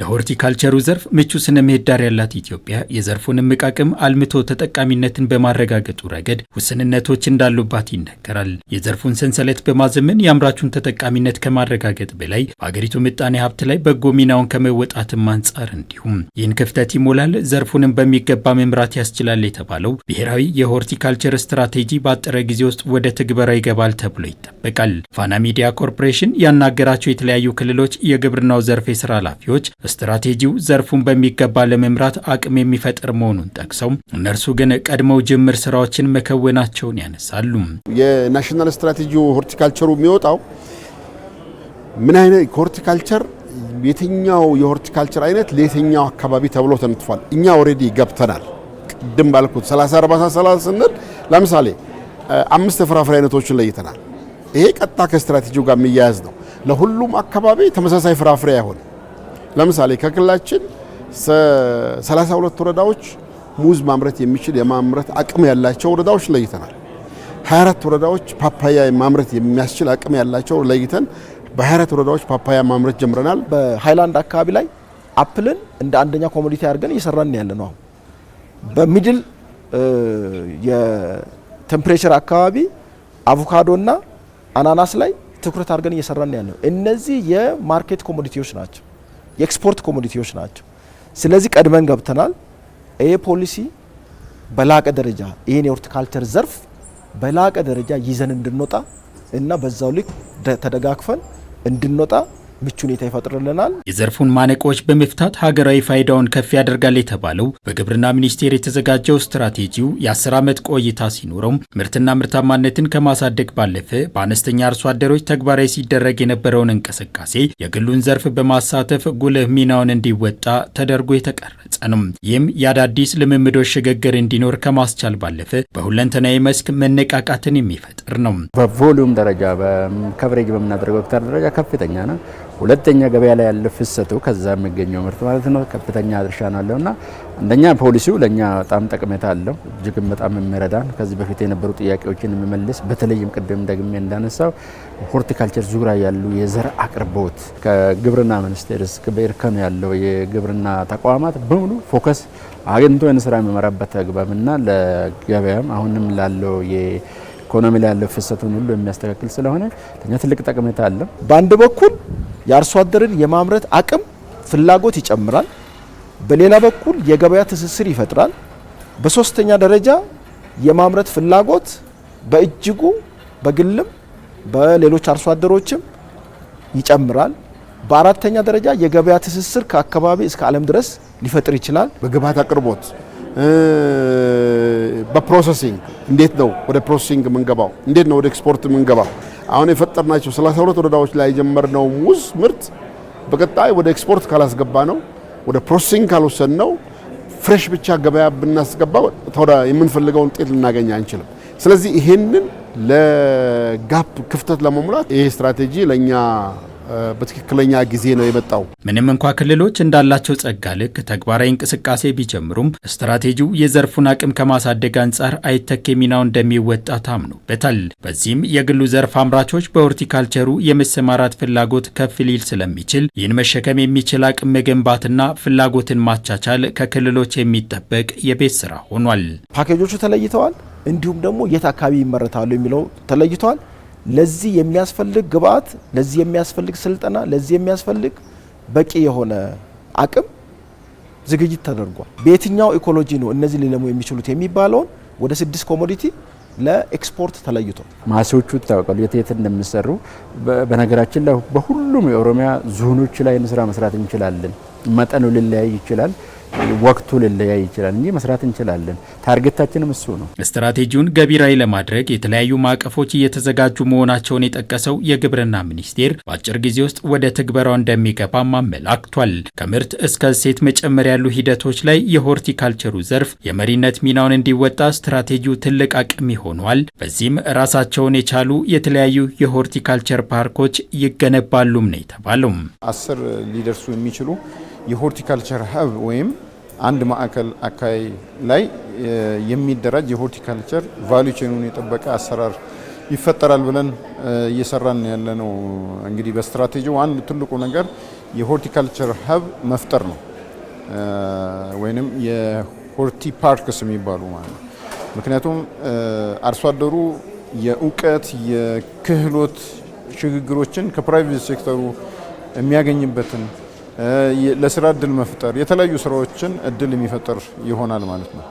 ለሆርቲካልቸሩ ዘርፍ ምቹ ስነ ምህዳር ያላት ኢትዮጵያ የዘርፉን እምቅ አቅም አልምቶ ተጠቃሚነትን በማረጋገጡ ረገድ ውስንነቶች እንዳሉባት ይነገራል። የዘርፉን ሰንሰለት በማዘመን የአምራቹን ተጠቃሚነት ከማረጋገጥ በላይ በአገሪቱ ምጣኔ ሀብት ላይ በጎ ሚናውን ከመወጣትም አንጻር እንዲሁም ይህን ክፍተት ይሞላል፣ ዘርፉንም በሚገባ መምራት ያስችላል የተባለው ብሔራዊ የሆርቲካልቸር ስትራቴጂ በአጠረ ጊዜ ውስጥ ወደ ትግበራ ይገባል ተብሎ ይጠበቃል። ፋና ሚዲያ ኮርፖሬሽን ያናገራቸው የተለያዩ ክልሎች የግብርናው ዘርፍ የስራ ኃላፊዎች ስትራቴጂው ዘርፉን በሚገባ ለመምራት አቅም የሚፈጥር መሆኑን ጠቅሰው እነርሱ ግን ቀድመው ጅምር ስራዎችን መከወናቸውን ያነሳሉ። የናሽናል ስትራቴጂ ሆርቲካልቸሩ የሚወጣው ምን አይነት ሆርቲካልቸር የትኛው የሆርቲካልቸር አይነት ለየትኛው አካባቢ ተብሎ ተነጥፏል። እኛ ኦልሬዲ ገብተናል። ቅድም ባልኩት 30 ስንል ለምሳሌ አምስት የፍራፍሬ አይነቶችን ለይተናል። ይሄ ቀጥታ ከስትራቴጂው ጋር የሚያያዝ ነው። ለሁሉም አካባቢ ተመሳሳይ ፍራፍሬ አይሆንም። ለምሳሌ ከክልላችን 32 ወረዳዎች ሙዝ ማምረት የሚችል የማምረት አቅም ያላቸው ወረዳዎች ለይተናል። 24 ወረዳዎች ፓፓያ ማምረት የሚያስችል አቅም ያላቸው ለይተን በ24 ወረዳዎች ፓፓያ ማምረት ጀምረናል። በሃይላንድ አካባቢ ላይ አፕልን እንደ አንደኛ ኮሞዲቲ አድርገን እየሰራን ያለ ነው። አሁን በሚድል የቴምፕሬቸር አካባቢ አቮካዶና አናናስ ላይ ትኩረት አድርገን እየሰራን ያለ ነው። እነዚህ የማርኬት ኮሞዲቲዎች ናቸው። የኤክስፖርት ኮሞዲቲዎች ናቸው። ስለዚህ ቀድመን ገብተናል። ይሄ ፖሊሲ በላቀ ደረጃ ይህን የሆርቲካልቸር ዘርፍ በላቀ ደረጃ ይዘን እንድንወጣ እና በዛው ልክ ተደጋግፈን እንድንወጣ ምቹ ሁኔታ ይፈጥርልናል። የዘርፉን ማነቆች በመፍታት ሀገራዊ ፋይዳውን ከፍ ያደርጋል የተባለው በግብርና ሚኒስቴር የተዘጋጀው ስትራቴጂው የአስር ዓመት ቆይታ ሲኖረው ምርትና ምርታማነትን ከማሳደግ ባለፈ በአነስተኛ አርሶ አደሮች ተግባራዊ ሲደረግ የነበረውን እንቅስቃሴ የግሉን ዘርፍ በማሳተፍ ጉልህ ሚናውን እንዲወጣ ተደርጎ የተቀረጸ ነው። ይህም የአዳዲስ ልምምዶች ሽግግር እንዲኖር ከማስቻል ባለፈ በሁለንተናዊ መስክ መነቃቃትን የሚፈጥር ነው። በቮሉም ደረጃ በከቨሬጅ በምናደርገው ሄክታር ደረጃ ከፍተኛ ነው። ሁለተኛ ገበያ ላይ ያለ ፍሰቱ ከዛ የሚገኘው ምርት ማለት ነው ከፍተኛ ድርሻ ነው ያለውና አንደኛ ፖሊሲው ለእኛ በጣም ጠቅሜታ አለው እጅግም በጣም የሚረዳን ከዚህ በፊት የነበሩ ጥያቄዎችን የሚመልስ በተለይም ቅድም ደግሜ እንዳነሳው ሆርቲካልቸር ዙሪያ ያሉ የዘር አቅርቦት ከግብርና ሚኒስቴር እስከ በኢርከኑ ያለው የግብርና ተቋማት በሙሉ ፎከስ አግኝቶ ይህን ስራ የሚመራበት አግባብና ለገበያም አሁንም ላለው ኢኮኖሚ ላይ ያለው ፍሰቱን ሁሉ የሚያስተካክል ስለሆነ ትልቅ ጠቀሜታ አለው በአንድ በኩል የአርሶ አደርን የማምረት አቅም ፍላጎት ይጨምራል። በሌላ በኩል የገበያ ትስስር ይፈጥራል። በሶስተኛ ደረጃ የማምረት ፍላጎት በእጅጉ በግልም በሌሎች አርሶ አደሮችም ይጨምራል። በአራተኛ ደረጃ የገበያ ትስስር ከአካባቢ እስከ ዓለም ድረስ ሊፈጥር ይችላል። በግብዓት አቅርቦት፣ በፕሮሰሲንግ እንዴት ነው ወደ ፕሮሰሲንግ የምንገባው? እንዴት ነው ወደ ኤክስፖርት የምንገባው? አሁን የፈጠርናቸው 32 ወረዳዎች ላይ የጀመርነው ሙዝ ምርት በቀጣይ ወደ ኤክስፖርት ካላስገባ ነው ወደ ፕሮሰሲንግ ካልወሰን ነው ፍሬሽ ብቻ ገበያ ብናስገባ የምንፈልገውን ውጤት ልናገኝ አንችልም። ስለዚህ ይሄንን ለጋፕ ክፍተት ለመሙላት ይሄ ስትራቴጂ ለእኛ በትክክለኛ ጊዜ ነው የመጣው። ምንም እንኳ ክልሎች እንዳላቸው ጸጋ ልክ ተግባራዊ እንቅስቃሴ ቢጀምሩም ስትራቴጂው የዘርፉን አቅም ከማሳደግ አንጻር አይተክ ሚናው እንደሚወጣ ታምኖበታል። በዚህም የግሉ ዘርፍ አምራቾች በሆርቲካልቸሩ የመሰማራት ፍላጎት ከፍ ሊል ስለሚችል ይህን መሸከም የሚችል አቅም መገንባትና ፍላጎትን ማቻቻል ከክልሎች የሚጠበቅ የቤት ስራ ሆኗል። ፓኬጆቹ ተለይተዋል። እንዲሁም ደግሞ የት አካባቢ ይመረታሉ የሚለው ተለይተዋል። ለዚህ የሚያስፈልግ ግብዓት ለዚህ የሚያስፈልግ ስልጠና፣ ለዚህ የሚያስፈልግ በቂ የሆነ አቅም ዝግጅት ተደርጓል። በየትኛው ኢኮሎጂ ነው እነዚህ ሊለሙ የሚችሉት የሚባለውን ወደ ስድስት ኮሞዲቲ ለኤክስፖርት ተለይቶ ማሴዎቹ ይታወቃሉ፣ የት የት እንደሚሰሩ። በነገራችን ላይ በሁሉም የኦሮሚያ ዞኖች ላይ ስራ መስራት እንችላለን። መጠኑ ሊለያይ ይችላል። ወቅቱ ሊለያይ ይችላል እንጂ መስራት እንችላለን። ታርጌታችንም እሱ ነው። ስትራቴጂውን ገቢራዊ ለማድረግ የተለያዩ ማዕቀፎች እየተዘጋጁ መሆናቸውን የጠቀሰው የግብርና ሚኒስቴር በአጭር ጊዜ ውስጥ ወደ ትግበራው እንደሚገባ አመላክቷል። ከምርት እስከ እሴት መጨመር ያሉ ሂደቶች ላይ የሆርቲካልቸሩ ዘርፍ የመሪነት ሚናውን እንዲወጣ ስትራቴጂው ትልቅ አቅም ይሆኗል። በዚህም ራሳቸውን የቻሉ የተለያዩ የሆርቲካልቸር ፓርኮች ይገነባሉም ነው የተባለው አስር ሊደርሱ የሚችሉ የሆርቲካልቸር ሀብ ወይም አንድ ማዕከል አካባቢ ላይ የሚደራጅ የሆርቲካልቸር ቫሊዩ ቼኑን የጠበቀ አሰራር ይፈጠራል ብለን እየሰራን ያለ ነው። እንግዲህ በስትራቴጂው አንድ ትልቁ ነገር የሆርቲካልቸር ሀብ መፍጠር ነው፣ ወይም የሆርቲ ፓርክስ የሚባሉ ማለት ነው። ምክንያቱም አርሶ አደሩ የእውቀት የክህሎት ሽግግሮችን ከፕራይቬት ሴክተሩ የሚያገኝበትን ለስራ እድል መፍጠር የተለያዩ ስራዎችን እድል የሚፈጠር ይሆናል ማለት ነው።